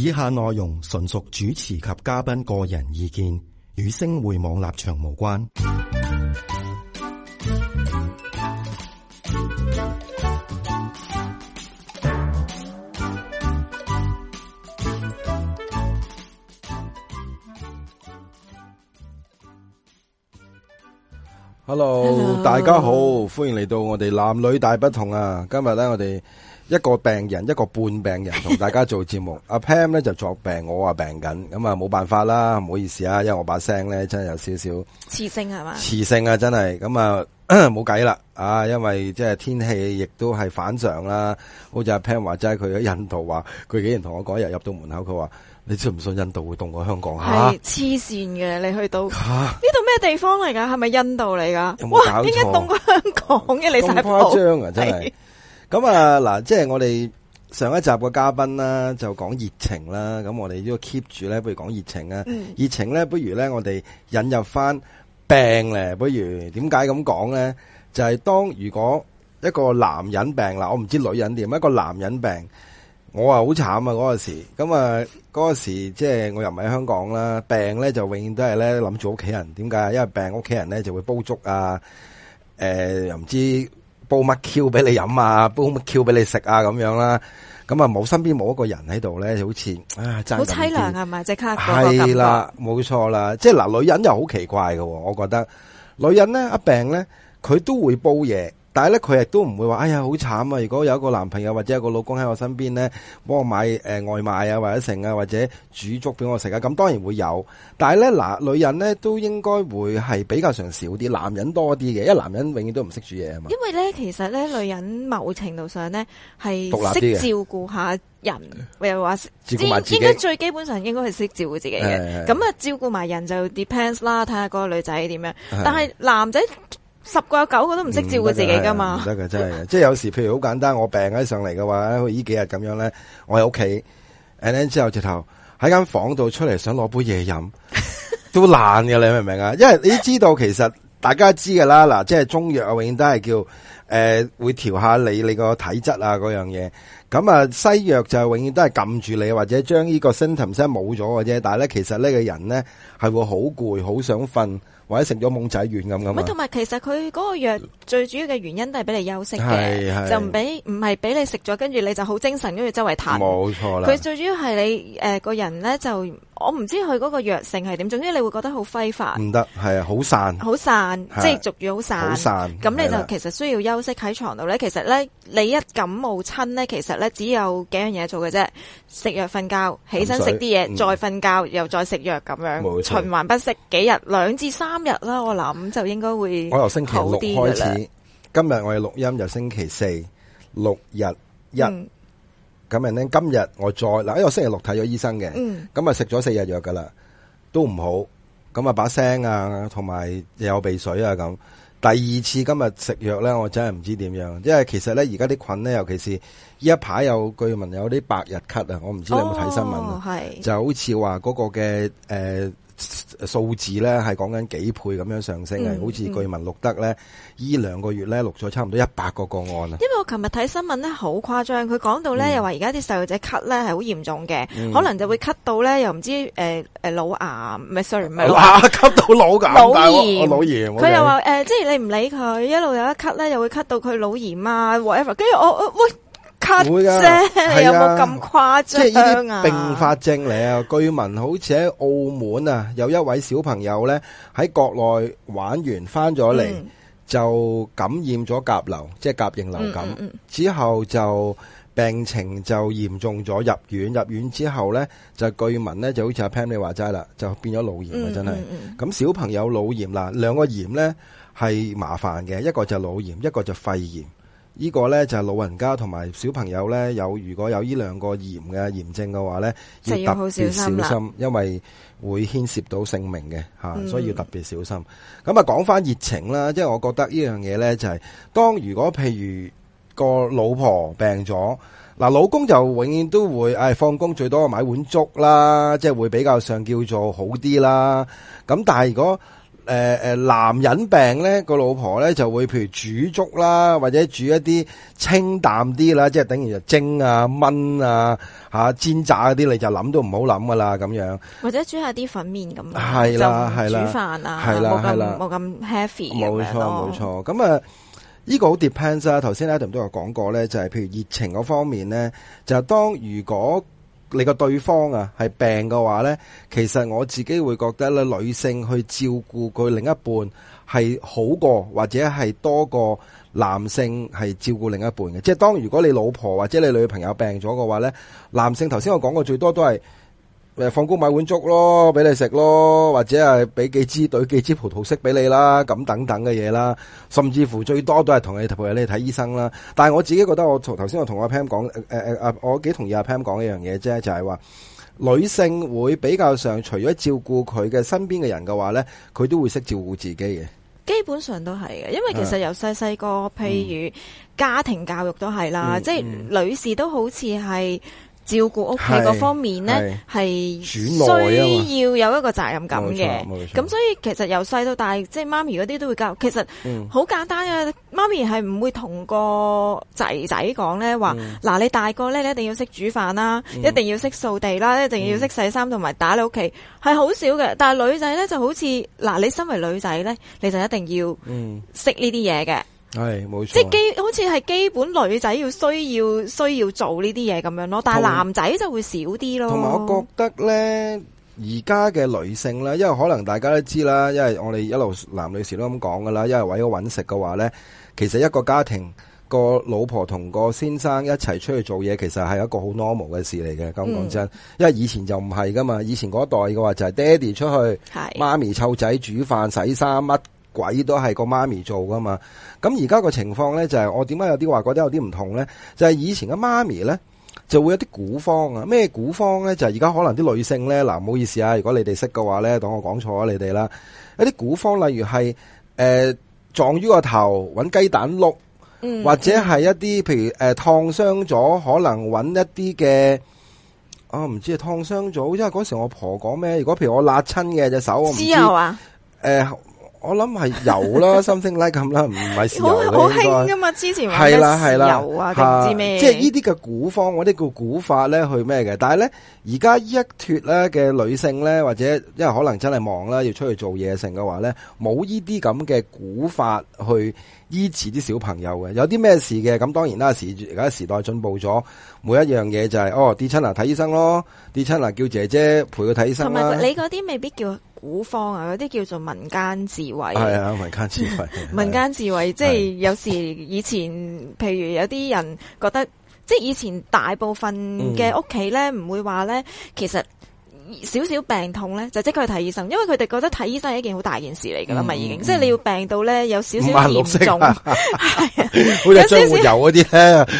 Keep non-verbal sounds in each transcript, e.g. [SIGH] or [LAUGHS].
以下內容純屬主持及嘉賓個人意見，與星匯網立場無關。Hello，, Hello. 大家好，歡迎嚟到我哋男女大不同啊！今日咧，我哋。一個病人，一個半病人同大家做節目。阿 [LAUGHS] p a m 咧就作病，我話病緊，咁啊冇辦法啦，唔好意思啊，因為我把聲咧真係有少少磁性係嘛，磁性啊真係，咁啊冇計啦啊，因為即係天氣亦都係反常啦。好似阿 p a m 話齋，佢喺印度話，佢竟然同我嗰日入到門口，佢話你信唔信印度會凍過香港係！黐線嘅，你去到呢度咩地方嚟㗎？係咪印度嚟㗎？哇，點解凍過香港嘅？你太誇張啊，真係。 [LAUGHS] 咁啊，嗱，即係我哋上一集嘅嘉賓啦，就講熱情啦。咁我哋呢個 keep 住咧，不如講熱情啊。熱、嗯、情咧，不如咧，我哋引入翻病咧。不如點解咁講咧？就係、是、當如果一個男人病啦，我唔知女人點，一個男人病，我慘啊好慘啊嗰陣時。咁啊，嗰陣時即係我又唔喺香港啦。病咧就永遠都係咧諗住屋企人。點解啊？因為病屋企人咧就會煲粥啊，誒、呃、又唔知。煲乜 Q 俾你飲啊，煲乜 Q 俾你食啊，咁樣啦，咁啊冇身邊冇一個人喺度咧，好似啊真係好淒涼係咪即刻。卡嗰係啦，冇錯啦，即係嗱，女人又好奇怪嘅，我覺得女人咧一病咧，佢都會煲嘢。但係咧，佢亦都唔會話，哎呀，好慘啊！如果有一個男朋友或者有一個老公喺我身邊咧，幫我買誒外賣啊，或者剩啊，或者煮粥俾我食啊，咁當然會有。但係咧，嗱，女人咧都應該會係比較常少啲，男人多啲嘅，因為男人永遠都唔識煮嘢啊嘛。因為咧，其實咧，女人某程度上咧係識照顧下人，又話照顧自己。應該最基本上應該係識照顧自己嘅。咁啊，照顧埋人就 depends 啦，睇下嗰個女仔點樣。但係男仔，十個有九個都唔識照顧自己噶嘛，唔得噶，真係，即係有時譬如好簡單，我病咗上嚟嘅話，呢 [LAUGHS] 幾日咁樣咧，我喺屋企，then 之後直頭，喺間房度出嚟想攞杯嘢飲，都爛嘅，你明唔明啊？ [LAUGHS] 因為你知道其實大家知噶啦，嗱，即係中藥啊，永遠都係叫誒，會調下你你個體質啊嗰樣嘢。咁啊，西藥就係永遠都係撳住你，或者將呢個 symptom 真係冇咗嘅啫。但係咧，其實呢個人咧係會好攰、好想瞓，或者食咗懵仔丸咁咁。唔係，同埋其實佢嗰個藥最主要嘅原因都係俾你休息嘅，就唔俾唔係俾你食咗，跟住你就好精神，跟住周圍騰。冇錯啦。佢最主要係你誒個人咧，就我唔知佢嗰個藥性係點。總之你會覺得好揮發。唔得，係啊，好散，好散，即係俗語好散。好散。咁你就其實需要休息喺牀度咧。其實咧，你一感冒親咧，其實。只有幾樣嘢做嘅啫，食藥、瞓覺、起身食啲嘢，再瞓覺，又再食藥咁樣循環不息。幾日兩至三日啦，我諗就應該會好啲噶啦。我由星期六開始，今日我哋錄音由星期四六日一，咁樣咧。今日我再嗱，因為星期六睇咗醫生嘅，咁啊食咗四日藥噶啦，都唔好。咁啊把聲啊，同埋又有鼻水啊咁。第二次今日食藥呢，我真係唔知點樣，因為其實呢，而家啲菌呢，尤其是。依一排有據聞有啲百日咳啊，我唔知你有冇睇新聞？哦、就好似話嗰個嘅誒、呃、數字呢，係講緊幾倍咁樣上升嘅、嗯，好似據聞錄得呢，呢、嗯、兩個月呢，錄咗差唔多一百個個案啊。因為我琴日睇新聞呢，好誇張，佢講到呢，嗯、又話而家啲細路仔咳呢係好嚴重嘅、嗯，可能就會咳到呢，又唔知誒腦癌，唔係 sorry，唔係咳到腦癌，腦炎，但我我腦炎。佢又話即係你唔理佢，一路有得咳呢，又會咳到佢腦炎啊，whatever。跟住我，喂會噶，有冇咁誇張啊？併發症嚟啊！據聞好似喺澳門啊，有一位小朋友咧喺國內玩完翻咗嚟，就感染咗甲流，即係甲型流感。之後就病情就嚴重咗，入院。入院之後咧，就據聞咧就好似阿 Pam 你話齋啦，就變咗腦炎啊！真係。咁小朋友腦炎啦，兩個炎咧係麻煩嘅，一個就係腦炎，一個就肺炎。呢、這個呢，就係老人家同埋小朋友呢，有如果有呢兩個炎嘅炎症嘅話呢，要特別小心，因為會牽涉到性命嘅吓，所以要特別小心。咁啊，講翻熱情啦，即係我覺得呢樣嘢呢，就係、是，當如果譬如個老婆病咗，嗱老公就永遠都會誒放工最多買碗粥啦，即係會比較上叫做好啲啦。咁但係如果誒、呃、誒，男人病咧，個老婆咧就會譬如煮粥啦，或者煮一啲清淡啲啦，即係等於就蒸啊、炆啊、吓、啊、煎炸嗰啲，你就諗都唔好諗噶啦，咁樣。或者煮下啲粉麵咁樣。係啦，係啦。煮飯啊，冇咁冇咁 heavy，冇錯，冇錯。咁啊，呢、這個好 depends 啦、啊。頭先阿 David 都有講過咧，就係、是、譬如熱情嗰方面咧，就係、是、當如果。你個對方啊，係病嘅話呢，其實我自己會覺得咧，女性去照顧佢另一半係好過，或者係多過男性係照顧另一半嘅。即係當如果你老婆或者你女朋友病咗嘅話呢，男性頭先我講過最多都係。誒，放工買碗粥咯，俾你食咯，或者係俾幾支兌幾支葡萄色俾你啦，咁等等嘅嘢啦，甚至乎最多都係同你陪你睇醫生啦。但係我自己覺得我，剛才我從頭先我同阿 Pam 講，誒、呃、誒我幾同意阿 Pam 講一樣嘢啫，就係、是、話女性會比較上除的的，除咗照顧佢嘅身邊嘅人嘅話咧，佢都會識照顧自己嘅。基本上都係嘅，因為其實由細細個，譬如家庭教育都係啦、嗯，即係女士都好似係。照顧屋企嗰方面呢，係需要有一個責任感嘅。咁所以其實由細到大，即係媽咪嗰啲都會教。其實好簡單嘅，媽咪係唔會同個仔仔講呢話，嗱、嗯、你大個呢，你一定要識煮飯啦、嗯，一定要識掃地啦，一定要識洗衫同埋打你屋企，係好少嘅。但係女仔呢就好似，嗱你身為女仔呢，你就一定要識呢啲嘢嘅。係冇錯，即基好似係基本女仔要需要需要做呢啲嘢咁樣咯，但係男仔就會少啲咯。同埋我覺得咧，而家嘅女性啦，因為可能大家都知啦，因為我哋一路男女士都咁講噶啦，因為為咗搵食嘅話咧，其實一個家庭個老婆同個先生一齊出去做嘢，其實係一個好 normal 嘅事嚟嘅。咁講真，嗯、因為以前就唔係噶嘛，以前嗰代嘅話就係爹哋出去，媽咪湊仔煮飯洗衫乜。鬼都係個媽咪做噶嘛？咁而家個情況咧就係我點解有啲話覺得有啲唔同咧？就係、是就是、以前嘅媽咪咧就會有啲古方啊？咩古方咧？就係而家可能啲女性咧嗱，唔好意思啊，如果你哋識嘅話咧，當我講錯咗你哋啦。一啲古方例如係誒、呃、撞於個頭搵雞蛋碌，嗯嗯或者係一啲譬如誒燙傷咗，可能搵一啲嘅，我、哦、唔知係「燙傷咗，因為嗰時我婆講咩？如果譬如我辣親嘅隻手，我唔知啊？誒、呃。我諗係有啦，something like 咁啦，唔係石油。好，好興噶嘛？之前係啦，係啦，石油啊，定、唔、知咩？即係呢啲嘅古方，我哋叫古法咧去咩嘅？但係咧，而家一脫咧嘅女性咧，或者因為可能真係忙啦，要出去做嘢成嘅話咧，冇呢啲咁嘅古法去醫治啲小朋友嘅。有啲咩事嘅？咁當然啦，時而家時代進步咗，每一樣嘢就係、是、哦跌親啦，睇醫生咯，跌親啊叫姐姐陪佢睇醫生同埋你嗰啲未必叫。古方啊，嗰啲叫做民間智慧。係啊，民間智慧。嗯、民間智慧，民間智慧即係有時以前，譬如有啲人覺得，即係以前大部分嘅屋企咧，唔會話咧，其實少少病痛咧，就即刻去睇醫生，因為佢哋覺得睇醫生係一件好大件事嚟噶啦，咪、嗯、已經。嗯、即係你要病到咧，有少少嚴重，啊、 [LAUGHS] 是的 [LAUGHS] 有少少油嗰啲咧。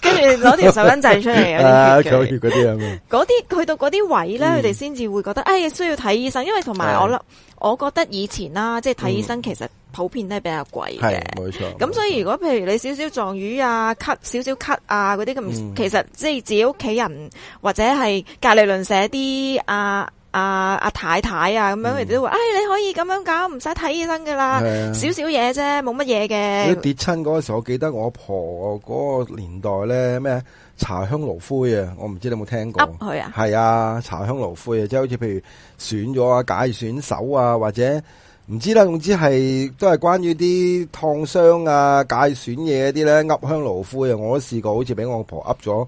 跟住攞條手巾仔出嚟，嗰啲嗰啲去到嗰啲位咧，佢哋先至會覺得，哎，需要睇醫生。因為同埋我諗、嗯，我覺得以前啦，即係睇醫生其實普遍都係比較貴嘅，冇錯。咁所以如果譬如你少少撞瘀啊，咳少少咳啊，嗰啲咁，其實即係自己屋企人或者係隔籬鄰舍啲啊。阿、啊、阿、啊、太太啊，咁樣佢哋、嗯、都話，哎，你可以咁樣搞，唔使睇醫生噶啦，少少嘢啫，冇乜嘢嘅。你跌親嗰時候，我記得我阿婆嗰個年代咧，咩茶香爐灰啊，我唔知你有冇聽過？係啊，茶香爐灰啊，即係好似譬如選咗啊，介損手啊，或者唔知啦，總之係都係關於啲燙傷啊、介損嘢啲咧，吸香爐灰啊，我都試過，好似俾我阿婆吸咗。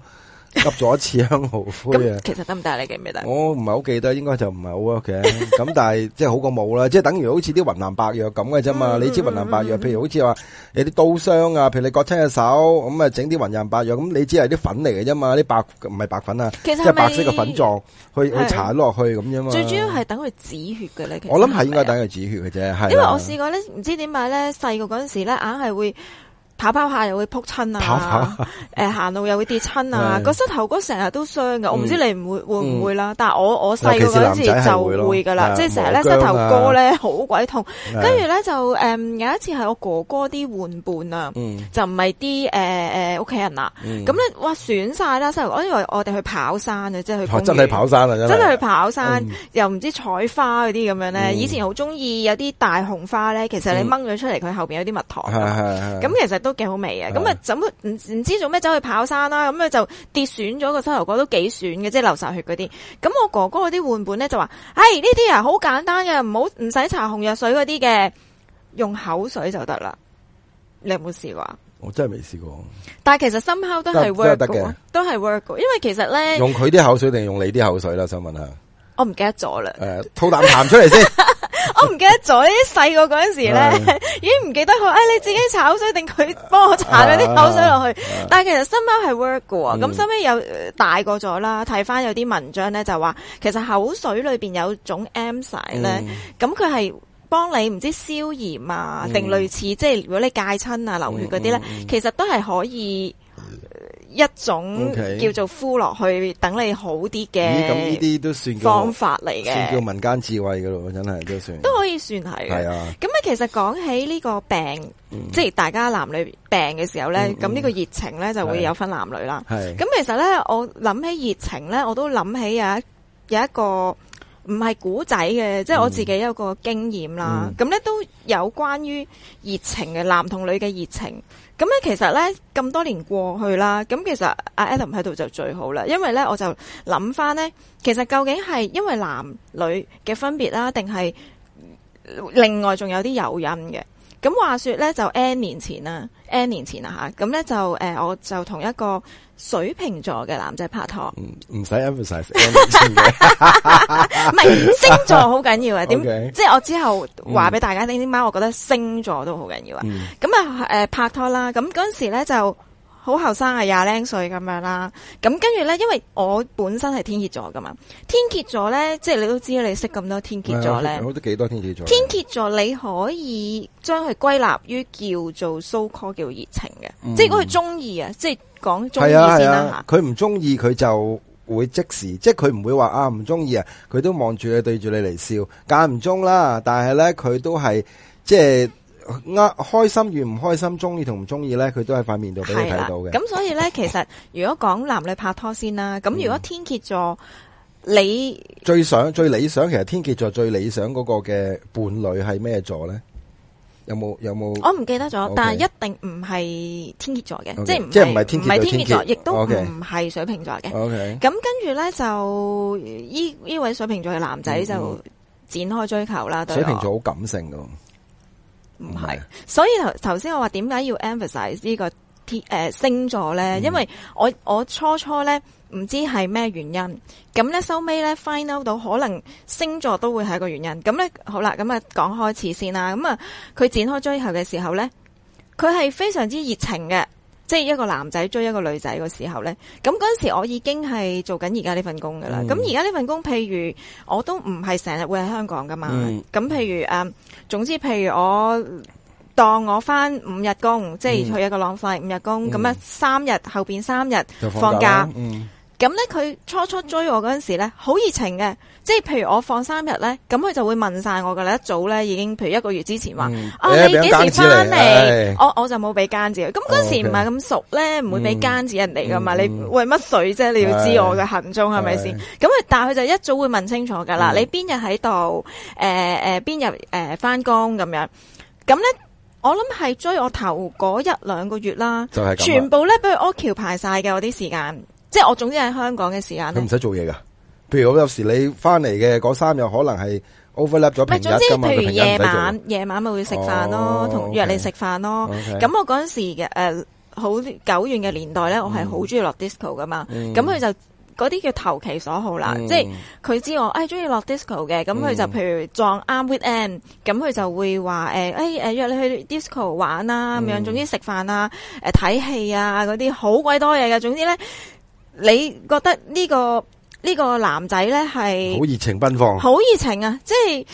吸 [LAUGHS] 咗一次香、啊、蒿灰啊、嗯！其實得唔得，你記唔記得？我唔係好記得，應該就唔係好 ok。咁 [LAUGHS] 但係即係好過冇啦，即係等於好似啲雲南白藥咁嘅啫嘛、嗯。你知雲南白藥、嗯嗯，譬如好似話你啲刀傷啊，譬如你割親隻手，咁啊整啲雲南白藥，咁你知係啲粉嚟嘅啫嘛？啲白唔係白粉啊，即係白色嘅粉狀去去鏟落去咁樣嘛。最主要係等佢止血嘅咧。其實我諗係應該等佢止血嘅啫。係因為我試過咧，唔知點解咧，細個嗰陣時咧，硬係會。跑跑下又會撲親啊！誒行路又會跌親、嗯嗯、啊！個、啊、膝頭哥成日都傷嘅，我唔知你唔會會唔會啦。但係我我細個嗰陣時就會嘅啦，即係成日咧膝頭哥咧好鬼痛。跟住咧就誒、嗯、有一次係我哥哥啲玩伴啊、嗯，就唔係啲誒誒屋企人啦。咁、嗯、咧哇損晒啦膝頭！我以為我哋去跑山啊，即係去真係跑山啊，真係去跑山，啊跑山跑山嗯、又唔知採花嗰啲咁樣咧。以前好中意有啲大紅花咧，其實你掹咗出嚟，佢、嗯、後邊有啲蜜糖。咁、嗯嗯嗯嗯、其實～都幾好味啊！咁啊，怎唔唔知做咩走去跑山啦，啊？咁佢就跌損咗個膝頭哥，都幾損嘅，即係流晒血嗰啲。咁我哥哥嗰啲換本咧就話，唉、哎，呢啲啊好簡單嘅，唔好唔使搽紅藥水嗰啲嘅，用口水就得啦。你有冇試過啊？我真係未試過。但係其實深喉都係 work 得嘅，都係 work。因為其實咧，用佢啲口水定用你啲口水啦？想問下，我唔記得咗啦。誒、呃，吐啖痰出嚟先。 [LAUGHS] [LAUGHS] 我唔記得咗，細個嗰陣時呢 [LAUGHS] 已經唔記得佢、哎。你自己炒水定佢幫我搽咗啲口水落去、啊啊啊？但其實新貓係 work 嘅喎。咁新貓有大個咗啦，睇翻有啲文章呢，就話，其實口水裏面有種 M 洗咧，咁佢係幫你唔知消炎啊，定、嗯、類似即係如果你戒親啊流血嗰啲呢、嗯嗯嗯，其實都係可以。一種叫做敷落去等你好啲嘅，咁呢啲都算方法嚟嘅，算叫民間智慧噶咯，真係都算都可以算係嘅。咁、啊、其實講起呢個病，嗯、即係大家男女病嘅時候咧，咁、嗯、呢、嗯、個熱情咧就會有分男女啦。咁其實咧，我諗起熱情咧，我都諗起有一有一個唔係古仔嘅，即係我自己有個經驗啦。咁、嗯、咧都。有關於熱情嘅男同女嘅熱情，咁咧其實咧咁多年過去啦，咁其實阿 Adam 喺度就最好啦，因為咧我就諗翻咧，其實究竟係因為男女嘅分別啦，定係另外仲有啲誘因嘅？咁話說咧，就 N 年前啦。N 年前啦吓，咁咧就誒、呃，我就同一個水瓶座嘅男仔拍拖，唔唔使唔係星座好緊要啊？點、okay。即係我之後話俾大家聽，點、嗯、解我覺得星座都好緊要啊。咁啊誒拍拖啦，咁嗰陣時咧就。好後生啊，廿零歲咁樣啦，咁跟住咧，因為我本身係天蠍座噶嘛，天蠍座咧，即係你都知道你識咁多天蠍座咧，咁都幾多天蠍座？天蠍座你可以將佢歸納於叫做 so called 叫熱情嘅、嗯，即係如果佢中意啊，即係講中意先啦。佢唔中意佢就會即時，即係佢唔會話啊唔中意啊，佢都望住你對住你嚟笑，間唔中啦。但係咧佢都係即係。呃開心與唔開心，中意同唔中意咧，佢都喺塊面度俾你睇到嘅。咁、啊、所以咧，其實如果講男女拍拖先啦，咁如果天蠍座、嗯、你最想最理想，其實天蠍座最理想嗰個嘅伴侶係咩座咧？有冇有冇？我唔記得咗，okay. 但係一定唔係天蠍座嘅、okay.，即係即係唔係天蠍，唔係天蠍座，亦、okay. 都唔係水瓶座嘅。咁、okay. 跟住咧就依依位水瓶座嘅男仔就展開追求啦。嗯、對水瓶座好感性噶。唔係，所以頭頭先我話點解要 emphasize 呢個天誒星座咧？因為我我初初咧唔知係咩原因，咁咧收尾咧 find out 到可能星座都會係一個原因。咁咧好啦，咁啊講開始先啦。咁啊，佢展開追求後嘅時候咧，佢係非常之熱情嘅。即係一個男仔追一個女仔嘅時候呢，咁嗰陣時我已經係做緊而家呢份工噶啦。咁而家呢份工，譬如我都唔係成日會喺香港噶嘛。咁、嗯、譬如、呃、總之譬如我當我返五日工，嗯、即係去一個浪費五日工，咁、嗯、咧三日後面三日放假。咁咧，佢初初追我嗰陣時咧，好熱情嘅，即係譬如我放三日咧，咁佢就會問晒我噶啦，一早咧已經，譬如一個月之前話，啊、嗯哦哎、你幾時翻嚟、哎？我我就冇俾監紙，咁嗰時唔係咁熟咧，唔、哎、會俾監紙人哋噶嘛？你為乜水啫、哎？你要知我嘅行蹤係咪先？咁、哎、佢但係佢就一早會問清楚噶啦、哎，你邊日喺度？誒、呃、誒，邊日誒翻工咁樣？咁咧，我諗係追我頭嗰一兩個月啦、就是，全部咧俾佢 occupy 晒嘅我啲時間。即係我總之喺香港嘅時間，佢唔使做嘢噶。譬如我有時你翻嚟嘅嗰三日，可能係 overlap 咗平日噶嘛，佢平日唔使做。總之、oh, okay. okay. 呃、嘛。之、mm. 嗯，譬如夜晚，夜晚咪會食飯咯，同約你食飯咯。咁我嗰陣時嘅誒，好久遠嘅年代咧，我係好中意落 disco 噶嘛。咁佢就嗰啲叫投其所好啦。Mm. 即係佢知我誒中意落 disco 嘅，咁佢就譬如撞啱 weekend 咁佢就會話誒誒約你去 disco 玩、mm. 呃、啊，咁樣總之食飯啊，誒睇戲啊嗰啲好鬼多嘢嘅。總之咧。你覺得呢、這個呢、這個男仔咧係好熱情奔放，好熱情啊！即係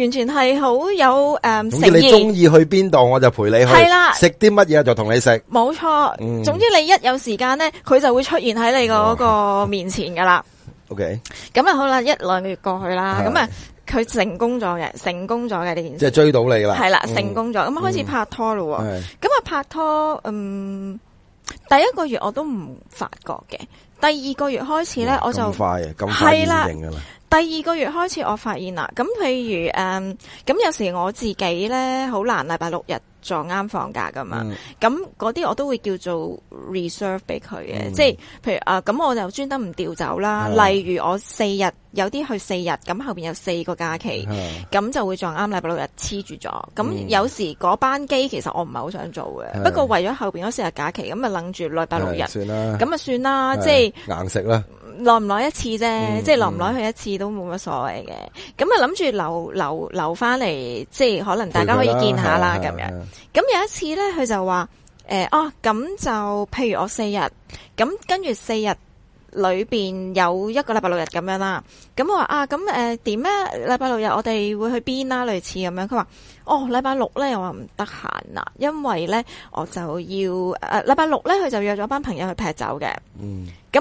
完全係好有誒誠意。嗯、你中意去邊度、嗯，我就陪你去。係啦，食啲乜嘢就同你食。冇錯、嗯，總之你一有時間咧，佢就會出現喺你個嗰個面前噶啦、哦。OK，咁啊好啦，一兩個月過去啦，咁啊佢成功咗嘅，成功咗嘅呢件事，即、就、係、是、追到你啦。係啦，成功咗，咁、嗯、開始拍拖咯。咁、嗯、啊拍拖，嗯。第一個月我都唔發覺嘅。第二個月開始咧，我就係啦。第二個月開始，我發現啦。咁譬如誒，咁、嗯、有時我自己咧，好難禮拜六日撞啱放假噶嘛。咁嗰啲我都會叫做 reserve 俾佢嘅，即、嗯、係譬如誒，咁、啊、我就專登唔調走啦、啊。例如我四日有啲去四日，咁後邊有四個假期，咁、啊、就會撞啱禮拜六日黐住咗。咁、嗯、有時嗰班機其實我唔係好想做嘅、嗯，不過為咗後邊嗰四日假期，咁咪諗住禮拜六日，咁啊算啦，即係。啊就係硬食啦，耐唔耐一次啫、嗯嗯，即係耐唔耐去一次都冇乜所謂嘅。咁啊諗住留留留翻嚟，即係可能大家可以見下啦，咁樣。咁有一次咧，佢就話誒、呃，哦，咁就譬如我四日，咁跟住四日裏邊有一個禮拜六日咁樣啦。咁我話啊，咁誒點咧？禮、呃、拜六日我哋會去邊啦？類似咁樣。佢話哦，禮拜六咧又話唔得閒啦，因為咧我就要誒禮拜六咧，佢就約咗班朋友去劈酒嘅。嗯。咁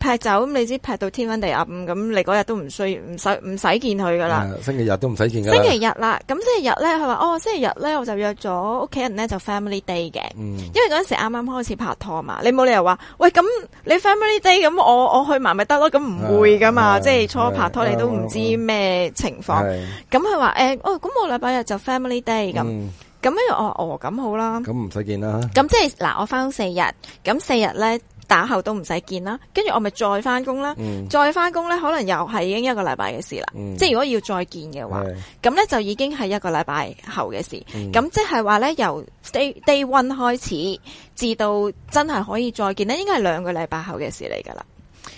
劈酒咁，你知劈到天昏地暗咁，咁你嗰日都唔需要唔使唔使見佢噶啦。星期日都唔使見噶。星期日啦，咁星期日咧，佢話哦，星期日咧，我就約咗屋企人咧，就 family day 嘅。嗯。因為嗰陣時啱啱開始拍拖嘛，你冇理由話，喂，咁你 family day 咁，我我去埋咪得咯？咁唔會噶嘛，哎哎、即係初拍拖、哎、你都唔知咩情況。咁佢話誒，哦咁我禮拜日就 family day 咁、嗯，咁跟住我話哦，哦咁好啦。咁唔使見啦。咁即係嗱，我翻工四日，咁四日咧。打後都唔使見啦，跟住我咪再返工啦，再返工咧可能又係已經一個禮拜嘅事啦、嗯。即係如果要再見嘅話，咁、嗯、咧就已經係一個禮拜後嘅事。咁即係話咧，由 day day one 開始，至到真係可以再見咧，應該係兩個禮拜後嘅事嚟㗎啦。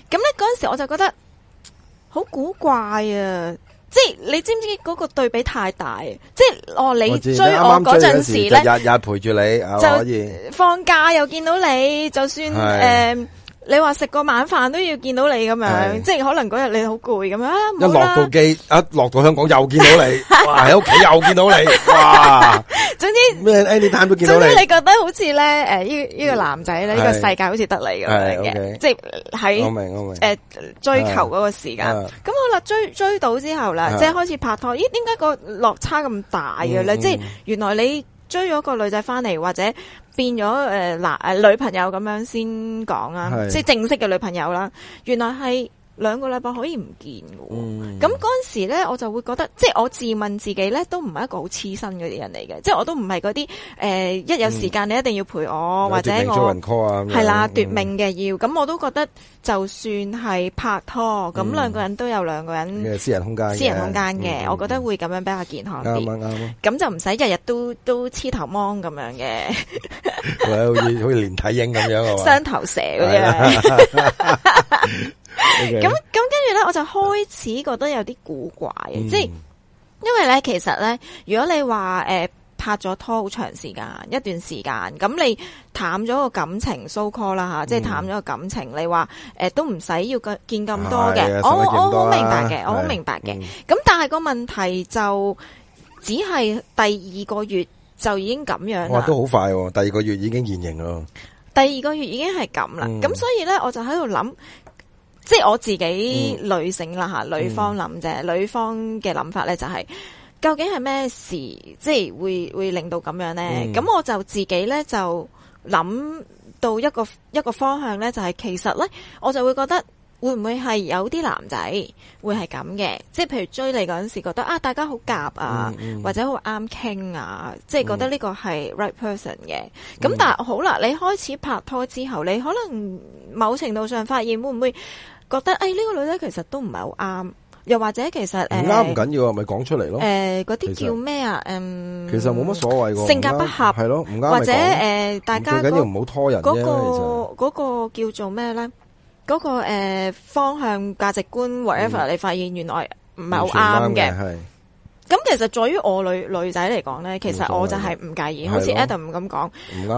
咁咧嗰陣時我就覺得好古怪啊！即係你知唔知嗰個對比太大？即係哦，你追我嗰陣時咧，又日日陪住你，可以就放假又見到你，就算誒、呃，你話食個晚飯都要見到你咁樣，即係可能嗰日你好攰咁樣，一落到機，一落到香港又見到你， [LAUGHS] 哇喺屋企又見到你，哇！總之你睇到見到，總之你覺得好似咧，誒、呃，依、這、依、個這個男仔咧，依、嗯這個世界好似得你咁樣嘅，即係喺誒追求嗰個時間。咁、啊、好啦，追追到之後啦，即、啊、係、就是、開始拍拖。咦，點解個落差咁大嘅咧、嗯嗯？即係原來你追咗個女仔返嚟，或者變咗誒男誒女朋友咁樣先講啊，即係正式嘅女朋友啦。原來係。兩個禮拜可以唔見喎。咁嗰陣時咧，我就會覺得，即、就、係、是、我自問自己咧，都唔係一個好黐身嗰啲人嚟嘅，即、就、係、是、我都唔係嗰啲誒，一有時間你一定要陪我，嗯、或者我係啦，奪、嗯、命嘅要，咁我都覺得就算係拍拖，咁、嗯、兩個人都有兩個人嘅、嗯、私人空間，私人空間嘅、嗯，我覺得會咁樣比較健康啱啱，咁就唔使日日都都黐頭芒咁樣嘅，好似好似連體嬰咁樣，雙 [LAUGHS] 頭蛇咁 [LAUGHS] 咁、okay。咁，跟住咧，我就開始覺得有啲古怪嘅、嗯，即係因為咧，其實咧，如果你話誒、呃、拍咗拖好長時間一段時間，咁你淡咗個感情、嗯、so call 啦、啊、吓，即、就、係、是、淡咗個感情，你話誒、呃、都唔使要見咁多嘅，我、啊、我好明白嘅，我好明白嘅，咁、嗯、但係個問題就只係第二個月就已經咁樣啦，都好快、啊，第二個月已經現形咯，第二個月已經係咁啦，咁、嗯、所以咧，我就喺度諗。即係我自己女性啦，吓、嗯，女方諗啫、嗯，女方嘅諗法咧就係究竟係咩事，即係會會令到咁樣咧？咁、嗯、我就自己咧就諗到一個一個方向咧，就係其實咧，我就會覺得。會唔會係有啲男仔會係咁嘅？即係譬如追你嗰陣時，覺得啊，大家好夾啊、嗯嗯，或者好啱傾啊，嗯、即係覺得呢個係 right person 嘅。咁、嗯、但係好啦，你開始拍拖之後，你可能某程度上發現會唔會覺得誒呢、哎這個女仔其實都唔係好啱，又或者其實唔啱唔緊要啊，咪、呃、講出嚟咯。誒，嗰啲叫咩啊？其實冇乜、啊呃、所謂嘅，性格不合係咯，或者誒，大家緊要，唔好拖人嗰、嗰個、嗰、嗰個叫做咩咧？嗰、那個誒、呃、方向價值觀、嗯、whatever，你發現原來唔係好啱嘅。咁其實，在於我女女仔嚟講呢，其實我就係唔介意。好似 Adam 咁講，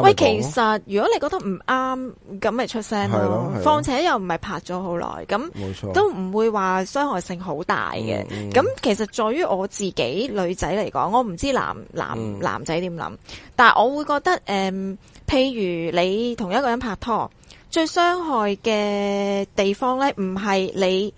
喂，其實如果你覺得唔啱，咁咪出聲咯。況且又唔係拍咗好耐，咁都唔會話傷害性好大嘅。咁、嗯、其實，在於我自己女仔嚟講，我唔知男男、嗯、男仔點諗，但係我會覺得誒、嗯，譬如你同一個人拍拖。最傷害嘅地方咧，唔係你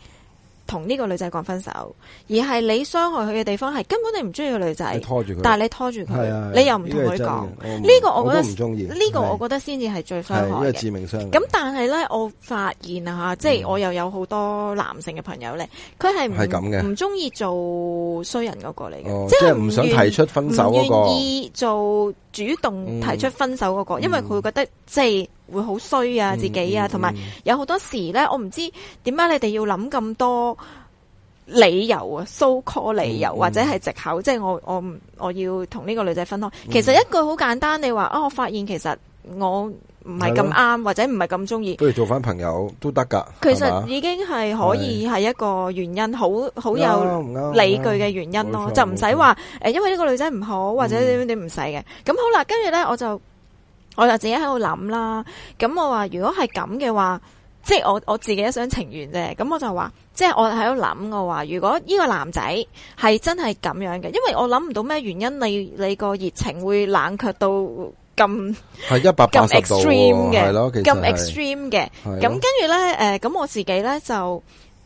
同呢個女仔講分手，而係你傷害佢嘅地方係根本不喜歡你唔中意個，女仔，拖住佢，但係你拖住佢，你又唔同佢講，呢、這個我覺得唔中意，呢、這個我覺得先至係最傷害嘅、這個、致命傷。咁但係咧，我發現啊，即、就、係、是、我又有好多男性嘅朋友咧，佢係唔係咁嘅，唔中、那個哦就是、意做衰人嗰個嚟嘅，即係唔想提出分手嗰、那個，唔願意做主動提出分手嗰、那個、嗯，因為佢覺得即係。就是會好衰啊，自己啊，同埋有好多時咧，我唔知點解你哋要諗咁多理由啊，so call 理由或者係借口，即係我我我要同呢個女仔分開。其實一句好簡單，你話啊，我發現其實我唔係咁啱，或者唔係咁中意，不如做翻朋友都得噶。其實已經係可以係一個原因，好好有理據嘅原因咯，就唔使話誒，因為呢個女仔唔好或者點點點唔使嘅。咁好啦，跟住咧我就。我就自己喺度諗啦，咁我話如果係咁嘅話，即係我我自己一廂情願啫。咁我就話，即係我喺度諗我話，如果呢個男仔係真係咁樣嘅，因為我諗唔到咩原因你，你你個熱情會冷卻到咁係一百八十度，咁 extreme 嘅，咁 extreme 嘅。咁跟住呢誒，咁我自己呢就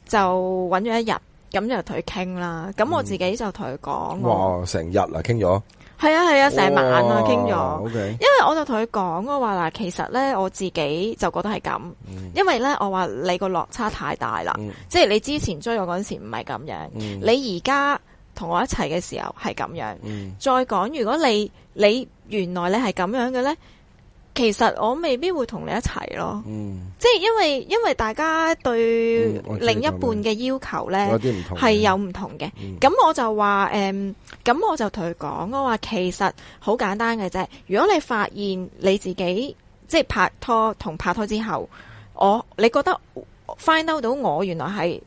就揾咗一日，咁就同佢傾啦。咁我自己就同佢講，哇、嗯，成日啦傾咗。係啊，係啊，成晚啊，傾咗。因為我就同佢講我話嗱，其實咧我自己就覺得係咁，嗯，因為咧我話你個落差太大啦，嗯，即係你之前追我嗰陣時唔係咁樣，嗯，你而家同我一齊嘅時候係咁樣，嗯，再講如果你你原來你係咁樣嘅咧。其實我未必會同你一齊咯，嗯、即係因為因為大家對另一半嘅要求呢係有唔同嘅，咁、嗯嗯我，嗯、我就話誒，咁、嗯、我就同佢講，我話其實好簡單嘅啫，如果你發現你自己即係拍拖同拍拖之後，我你覺得，find out 到我原來係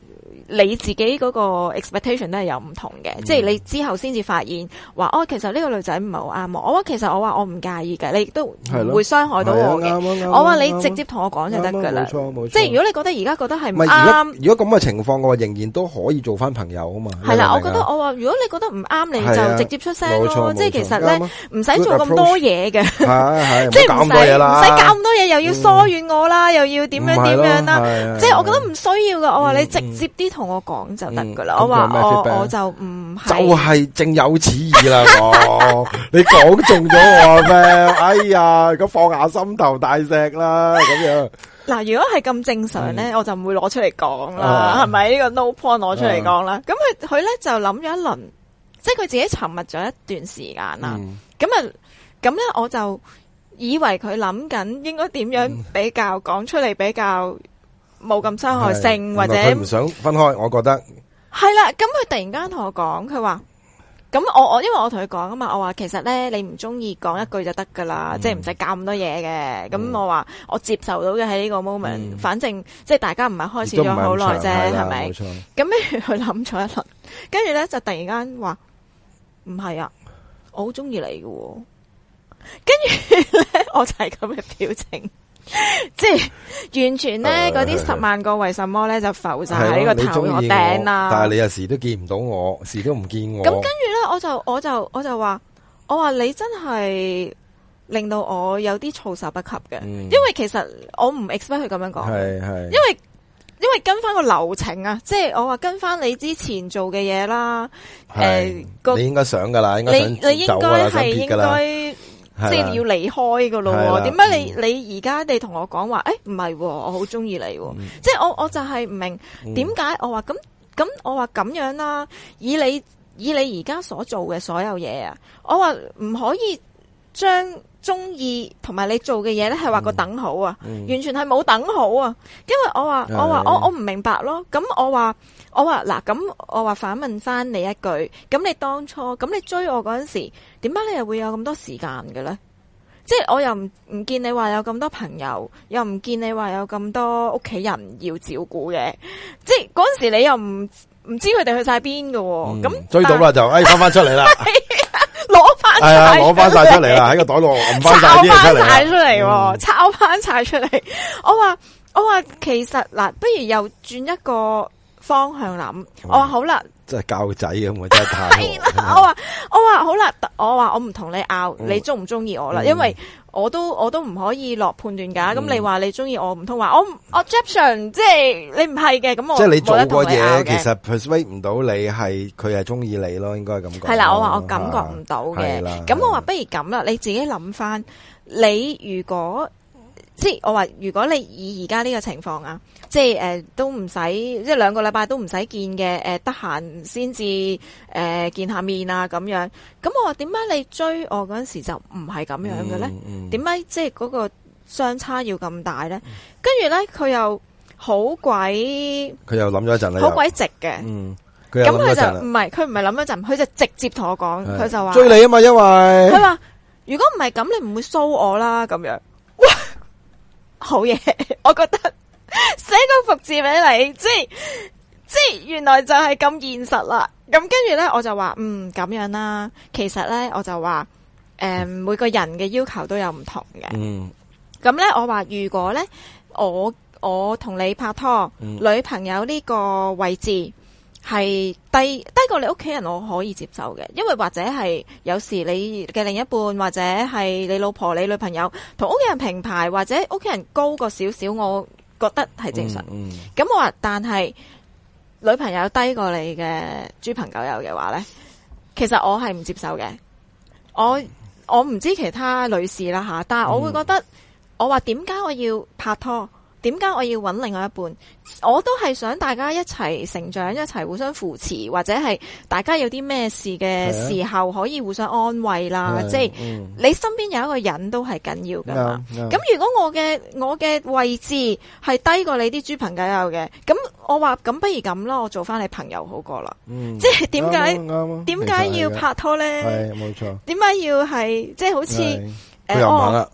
你自己嗰個 expectation 都係有唔同嘅、嗯，即係你之後先至發現話哦，其實呢個女仔唔係好啱我。我話其實我話我唔介意嘅，你都唔會傷害到我嘅、啊啊。我話、啊啊、你、啊、直接同我講就得㗎啦。即係如果你覺得而家覺得係唔啱，如果咁嘅情況嘅話，我仍然都可以做翻朋友啊嘛。係啦、啊啊啊，我覺得我話如果你覺得唔啱，你、啊、就直接出聲咯。即係其實咧，唔使、啊、做咁多嘢嘅，即係唔使唔使搞咁多嘢、 [LAUGHS] 嗯，又要疏遠我啦、嗯，又要點樣點樣啦，即係我覺得唔需要噶，我話你直接啲同我講就得噶啦。我話我我就唔係就係正有此意啦。我你講中咗我咩？哎呀，咁放下心頭大石啦。咁樣嗱，如果係咁正常咧，我就唔會攞出嚟講啦。係咪呢個 no point？攞出嚟講啦。咁佢佢咧就諗咗一輪，即係佢自己沉默咗一段時間啦。咁啊咁咧，我就以為佢諗緊應該點樣比較講出嚟比較。冇咁傷害性或者，唔想分開，我覺得係啦。咁佢突然間同我講，佢話咁我我因為我同佢講啊嘛，我話其實咧你唔中意講一句就得噶啦，即係唔使教咁多嘢嘅。咁我話我接受到嘅喺呢個 moment，反正即係大家唔係開始咗好耐啫，係咪？冇錯。咁跟住佢諗咗一輪，跟住咧就突然間話唔係啊，我好中意你㗎喎。跟住咧，我就係咁嘅表情。即 [LAUGHS] 係完全咧，嗰、呃、啲十萬個為什麼咧就浮在喺個頭我頂啦、啊。但係你有時都見唔到我，時都唔見我。咁跟住咧，我就我就我就話，我話你真係令到我有啲措手不及嘅、嗯，因為其實我唔 expect 佢咁樣講，係係。因為因為跟翻個流程啊，即係我話跟翻你之前做嘅嘢啦，誒、呃，你應該想噶啦，應該想走啦，想別噶啦。即、就、係、是、要離開噶咯？點解、啊、你、嗯、你而家你同我講話？誒，唔係、啊，我好中意你、啊嗯。即係我我就係唔明點解、嗯、我話咁咁我話咁樣啦、啊。以你以你而家所做嘅所有嘢啊，我話唔可以將中意同埋你做嘅嘢咧係話個等號啊，嗯嗯、完全係冇等號啊。因為我話、嗯、我話我我唔明白咯。咁我話我話嗱咁我話反問翻你一句，咁你當初咁你追我嗰陣時？點解你又會有咁多時間嘅咧？即係我又唔唔見你話有咁多朋友，又唔見你話有咁多屋企人要照顧嘅。即係嗰陣時你又唔唔知佢哋去晒邊㗎。咁、嗯、追到啦，就哎翻出嚟啦，攞翻嚟啊，攞翻晒出嚟啊，喺個袋度揞翻晒出嚟，抄翻晒出嚟，抄翻晒出嚟。我話我話，其實嗱，不如又轉一個方向諗。我話好啦。嗯真係教仔咁， [LAUGHS] 我真係太係啦！我話我話好啦，我話我唔同你拗，嗯，你中唔中意我啦，嗯？因為我都我都唔可以落判斷噶。咁，嗯，你話你中意我唔通話我我 exception 即係你唔係嘅，咁我即係你做過嘢，其實 persuade 唔到你係佢係中意你咯，應該係咁講。係啦，我話我感覺唔到嘅，咁我話不如咁啦，你自己諗翻，你如果。即係我話，如果你以而家呢個情況啊，即係誒都唔使即係兩個禮拜都唔使見嘅，誒得閒先至誒見下面啊咁樣。咁我話點解你追我嗰陣時就唔係咁樣嘅咧？點解即係嗰個相差要咁大咧？跟住咧佢又好鬼，佢又諗咗一陣啦，好鬼直嘅。嗯，咁佢就唔係佢唔係諗咗一陣，佢就直接同我講，佢就話追你啊嘛，因為佢話如果唔係咁，你唔會騷我啦咁樣哇。好嘢，我覺得寫個服字俾你，即係即係原來就係咁現實啦。咁跟住呢，我就話，嗯，咁樣啦。其實呢，我就話誒、嗯，每個人嘅要求都有唔同嘅。咁、嗯、呢，我話如果呢，我我同你拍拖，嗯、女朋友呢個位置。係低低過你屋企人，我可以接受嘅，因為或者係有時你嘅另一半或者係你老婆、你女朋友同屋企人平排，或者屋企人高過少少，我覺得係正常。咁、嗯嗯、我話，但係女朋友低過你嘅豬朋狗友嘅話呢，其實我係唔接受嘅。我我唔知其他女士啦吓，但係我會覺得、嗯、我話點解我要拍拖？點解我要揾另外一半？我都係想大家一齊成長，一齊互相扶持，或者係大家有啲咩事嘅時候可以互相安慰啦。即係、就是、你身邊有一個人都係緊要噶嘛。咁、嗯、如果我嘅我嘅位置係低過你啲豬朋狗友嘅，咁我話咁不如咁啦，我做翻你朋友好過啦。即係點解？點、就、解、是、要拍拖呢？冇錯。點解要係即係好似？又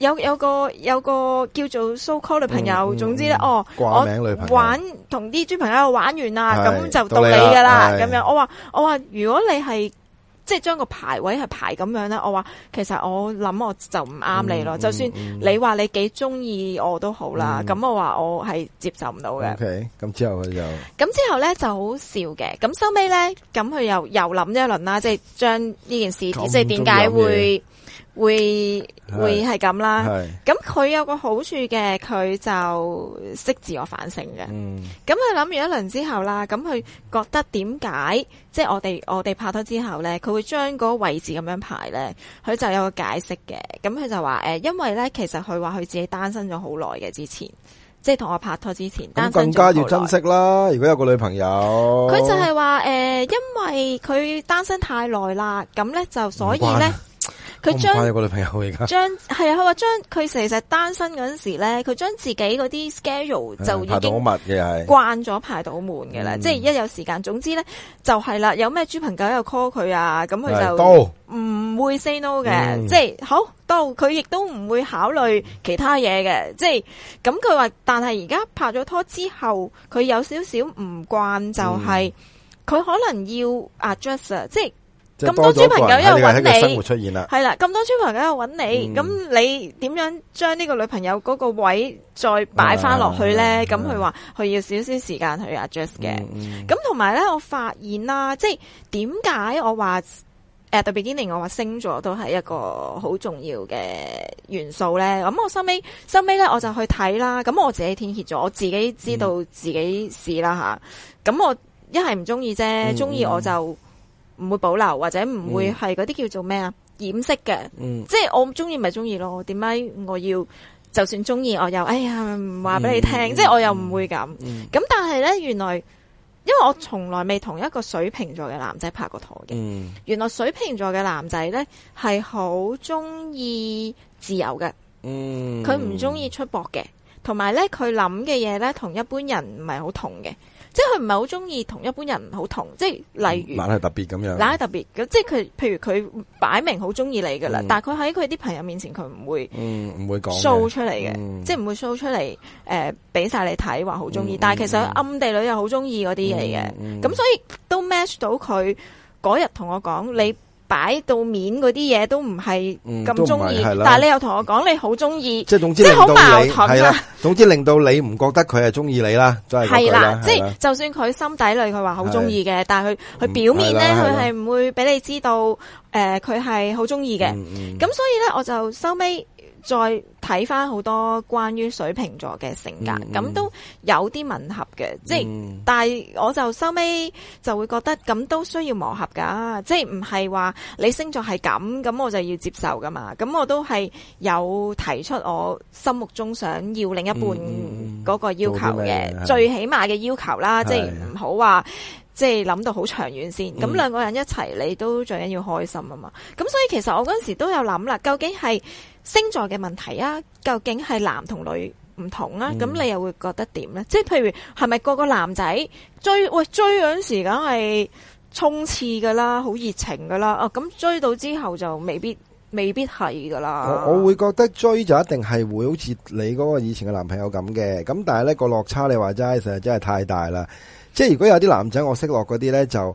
有有個有個叫做 so call 女朋友，嗯嗯、總之咧哦，我玩同啲豬朋友玩完啦，咁就你到你噶啦，咁樣我話我話，如果你係即係將個排位係排咁樣咧，我話其實我諗我就唔啱你咯、嗯嗯，就算你話你幾中意我都好啦，咁、嗯、我話我係接受唔到嘅。O K，咁之後佢就咁之後咧就好笑嘅，咁收尾咧咁佢又又諗一輪啦，即係將呢件事即係點解會。會會係咁啦，咁佢有個好處嘅，佢就識自我反省嘅。咁佢諗完一輪之後啦，咁佢覺得點解，即係我哋我哋拍拖之後呢，佢會將個位置咁樣排呢，佢就有個解釋嘅。咁佢就話誒、呃，因為呢，其實佢話佢自己單身咗好耐嘅，之前即係同我拍拖之前，嗯、單身咗好耐，更加要珍惜啦！如果有個女朋友，佢就係話誒，因為佢單身太耐啦，咁呢，就所以呢。佢將係啊，佢話將佢成日單身嗰陣時咧，佢將自己嗰啲 schedule 就已經慣咗排到滿嘅啦。即係一有時間，總之咧就係、是、啦。有咩豬朋狗友 call 佢啊，咁佢就唔會 say no 嘅、嗯。即係好到佢亦都唔會考慮其他嘢嘅。即係咁佢話，但係而家拍咗拖之後，佢有少少唔慣，就係、是、佢可能要 adjust、嗯、即係。咁多豬朋友一路搵你，係啦，咁多豬朋友一路搵你，咁你點樣將呢個女朋友嗰個位再擺翻落去咧、嗯？咁佢話佢要少少時間去 address 嘅。咁同埋咧，我發現啦，即係點解我話誒，特別今年我話星座都係一個好重要嘅元素咧。咁我收尾收尾咧，我就去睇啦。咁我自己天蠍座，我自己知道自己事啦吓。咁、嗯嗯、我一係唔中意啫，中意我就。唔會保留或者唔會係嗰啲叫做咩啊？掩飾嘅、嗯，即係我中意咪中意咯。點解我要？就算中意我又哎呀，唔話俾你聽、嗯。即係我又唔會咁。咁、嗯嗯、但係呢，原來因為我從來未同一個水瓶座嘅男仔拍過拖嘅、嗯。原來水瓶座嘅男仔呢，係好中意自由嘅。嗯，佢唔中意出博嘅，同埋呢，佢諗嘅嘢呢，同一般人唔係好同嘅。即係佢唔係好中意同一般人好同，即係例如。懶係特別咁樣。懶係特別咁，即係佢，譬如佢擺明好中意你噶啦、嗯，但係佢喺佢啲朋友面前佢唔會，唔、嗯、會講。show 出嚟嘅、嗯，即係唔會 show 出嚟，誒、呃，俾晒你睇話好中意，但係其實暗地裏又好中意嗰啲嘢嘅，咁、嗯嗯、所以都 match 到佢。嗰日同我講你。擺到面嗰啲嘢都唔係咁中意，但係你又同我講你好中意，即係總之即係好矛盾啦，總之令到你唔覺得佢係中意你啦，都係係啦，即係就算佢心底裏佢話好中意嘅，但係佢佢表面咧佢係唔會俾你知道，誒佢係好中意嘅，咁所以咧我就收尾，再睇翻好多關於水瓶座嘅性格，咁、嗯嗯、都有啲吻合嘅、嗯，即係但係我就收尾就會覺得咁都需要磨合噶，即係唔係話你星座係咁，咁我就要接受噶嘛。咁我都係有提出我心目中想要另一半嗰、嗯嗯嗰個要求嘅，最起碼嘅要求啦，即係唔好話即係諗到好長遠先。咁、嗯、兩個人一齊，你都最緊要開心啊嘛。咁所以其實我嗰陣時都有諗啦，究竟係，星座嘅問題啊，究竟係男同女唔同啊？咁、嗯、你又會覺得點呢？即係譬如係咪個個男仔追喂，追嗰陣時梗係衝刺噶啦，好熱情噶啦。哦咁追到之後就未必未必係噶啦。我會覺得追就一定係會好似你嗰個以前嘅男朋友咁嘅。咁但係呢、嗰個落差你話齋，實在真係太大啦。即係如果有啲男仔我識落嗰啲呢，就。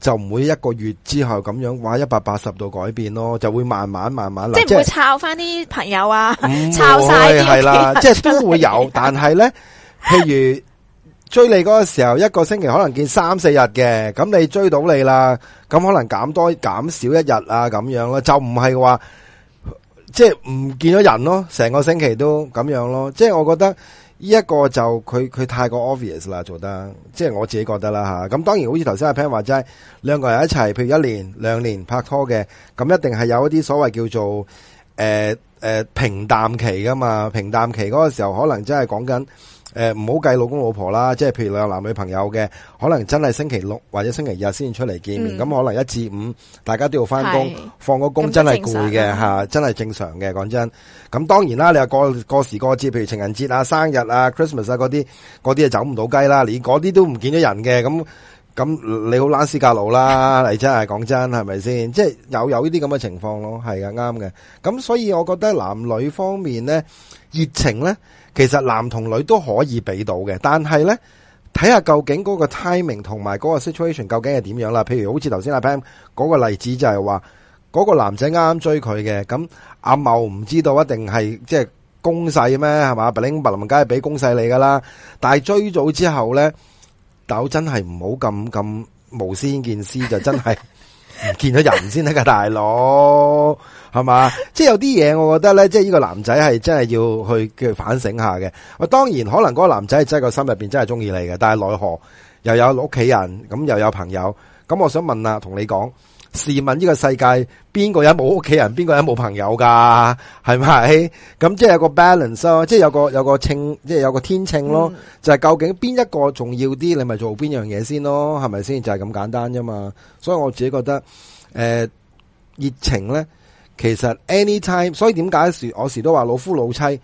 就唔會一個月之後咁樣話一百八十度改變咯，就會慢慢慢慢嚟。即係唔會抄翻啲朋友啊，抄晒啲。係啦，即係都會有，但係呢，譬如追你嗰個時候，一個星期可能見三四日嘅，咁你追到你啦，咁可能減多減少一日啊，咁樣咯，就唔係話即係唔見咗人咯，成個星期都咁樣咯，即係我覺得。呢一個就佢佢太過 obvious 啦，做得即係我自己覺得啦咁、吓、當然好似頭先阿平話，就係兩個人一齊，譬如一年、兩年拍拖嘅，咁一定係有一啲所謂叫做誒、呃呃、平淡期㗎嘛。平淡期嗰個時候，可能真係講緊。誒、呃，唔好計老公老婆啦，即係譬如你有男女朋友嘅，可能真係星期六或者星期日先出嚟見面，咁、嗯、可能一至五大家都要翻工，放個工真係攰嘅吓，嗯、真係正常嘅，講真。咁當然啦，你話過過時過節，譬如情人節啊、生日啊、Christmas 啊、嗰啲，嗰啲就走唔到雞啦，你嗰啲都唔見咗人嘅咁。咁你好，拉斯格路啦，嚟真係講真，係咪先？即係有有呢啲咁嘅情況咯，係嘅，啱嘅。咁所以我覺得男女方面咧，熱情咧，其實男同女都可以俾到嘅。但係咧，睇下究竟嗰個 timing 同埋嗰個 situation 究竟係點樣啦。譬如好似頭先阿 Pam 嗰個例子，就係話嗰個男仔啱啱追佢嘅，咁阿茂唔知道一定係即係攻勢咩，係嘛？白領白林文梗係俾攻勢你噶啦，但係追咗之後咧。都真係唔好咁咁無先見思，就真係唔見咗人先得，噶大佬，係嘛？ [LAUGHS] 即係有啲嘢，我覺得咧，即係呢個男仔係真係要去反省下嘅。我當然可能嗰個男仔係真係個心入邊真係中意你嘅，但係奈何又有屋企人，咁又有朋友，咁我想問啊，同你講。試問呢個世界邊個人冇屋企人，邊個人冇朋友㗎，係咪？咁即係有個 balance 咯，即係有個有個稱，即係有個天秤咯。嗯、就係究竟邊一個重要啲，你咪做邊樣嘢先咯，係咪先？就係、是、咁簡單啫嘛。所以我自己覺得，誒、呃，熱情呢，其實 anytime。所以點解時我時都話老夫老妻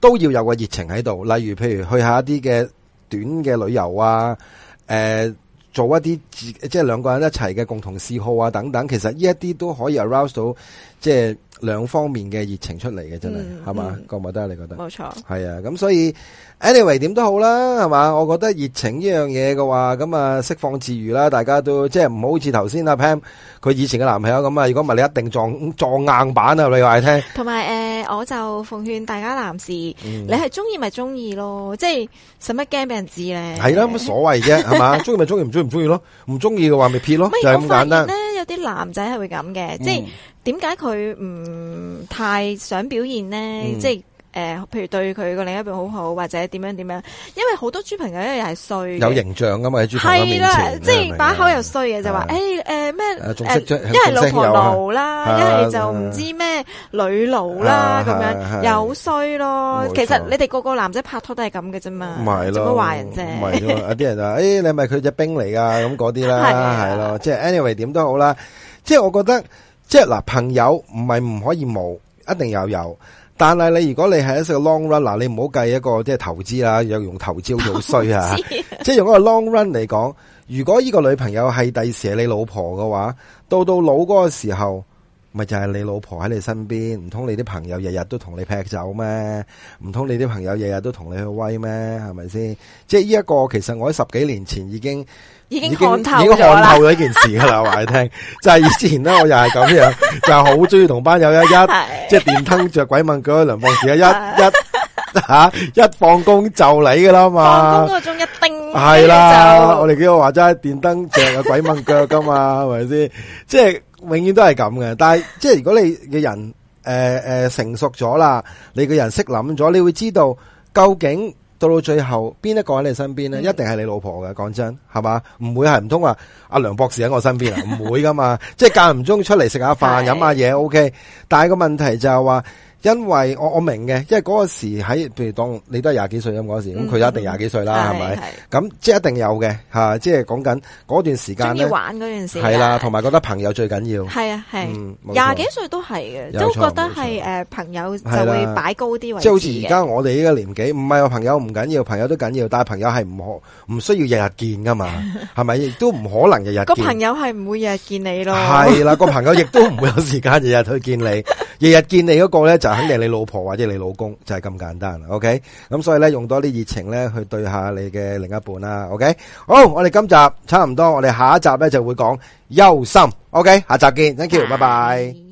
都要有個熱情喺度。例如，譬如去下一啲嘅短嘅旅遊啊，誒、呃。做一啲自即係兩個人一齊嘅共同嗜好啊等等，其實呢一啲都可以 arouse 到即係兩方面嘅熱情出嚟嘅，真係係嘛？覺唔覺得你覺得？冇錯，係啊，咁所以 Anyway 點都好啦，係嘛？我覺得熱情呢樣嘢嘅話，咁啊釋放自如啦，大家都即係唔好似頭先阿 Pam 佢以前嘅男朋友咁啊，如果唔係你一定撞撞硬板啊！你話你聽？同埋誒。呃我就奉勸大家男士，嗯、你係中意咪中意咯，即係使乜驚俾人知咧？係啦，乜所謂啫？係嘛，中意咪中意，唔中意唔中意咯？唔中意嘅話咪撇咯，就係咁簡單。咧有啲男仔係會咁嘅、嗯，即係點解佢唔太想表現咧、嗯？即係。誒，譬如對佢個另一半好好，或者點樣點樣，因為好多豬朋友一樣係衰，有形象噶嘛，喺豬朋友面前，即係把口又衰嘅就話，誒誒咩誒，一係老婆奴啦，一係就唔知咩女奴啦，咁樣又衰咯。其實你哋個個男仔拍拖都係咁嘅啫嘛，咁個壞人啫。有啲人話，誒，你係咪佢隻兵嚟噶咁嗰啲啦，係係咯，即係 anyway 點都好啦。即係我覺得，即係嗱朋友唔係唔可以冇。一定有有，但係你如果你係一個 long run，嗱你唔好計一個即係投資啦，又用投資好衰啊，啊，即係用一個 long run 嚟講，如果呢個女朋友係第時你老婆嘅話，到到老嗰個時候。咪就係、是、你老婆喺你身邊，唔通你啲朋友日日都同你劈酒咩？唔通你啲朋友日日都同你去威咩？係咪先？即係呢一個，其實我喺十幾年前已經已經看透咗一件事噶啦，話 [LAUGHS] 你聽，就係、是、以前咧，我又係咁樣，就係好中意同班友一 [LAUGHS] 一即係、就是、電燈着鬼問腳，輪博士一一吓、 [LAUGHS] 啊、一放工就嚟噶啦嘛。放工嗰鐘一叮係啦，我哋幾個話齋電燈着有鬼問腳噶嘛，係咪先？即係。永遠都係咁嘅，但係即係如果你嘅人誒誒、呃呃、成熟咗啦，你嘅人識諗咗，你會知道究竟到到最後邊一個喺你身邊咧，嗯、一定係你老婆嘅。講真係嘛，唔會係唔通話阿梁博士喺我身邊啊？唔 [LAUGHS] 會噶嘛，即係間唔中出嚟食下飯飲 [LAUGHS] 下嘢。O、OK，K，但係個問題就係話。因為我我明嘅，因為嗰陣時喺，譬如當你都係廿幾歲咁嗰時，咁佢都一定廿幾歲啦，係咪？咁即係一定有嘅吓，即係講緊嗰段時間。中意玩嗰段時間係啦，同埋覺得朋友最緊要。係啊係，廿幾歲都係嘅，都覺得係誒朋友就會擺高啲。即係好似而家我哋呢個年紀，唔係話朋友唔緊要，朋友都緊要，但係朋友係唔可唔需要日日見㗎嘛？係咪？亦都唔可能日日。個朋友係唔會日日見你咯。係啦，個朋友亦都唔會有時間日日去見你，日日見你嗰個咧就。肯定你老婆或者你老公就係咁簡單，OK？咁所以咧用多啲熱情咧去對下你嘅另一半啦，OK？好，我哋今集差唔多，我哋下一集咧就會講憂心，OK？下集見，Thank you，拜拜。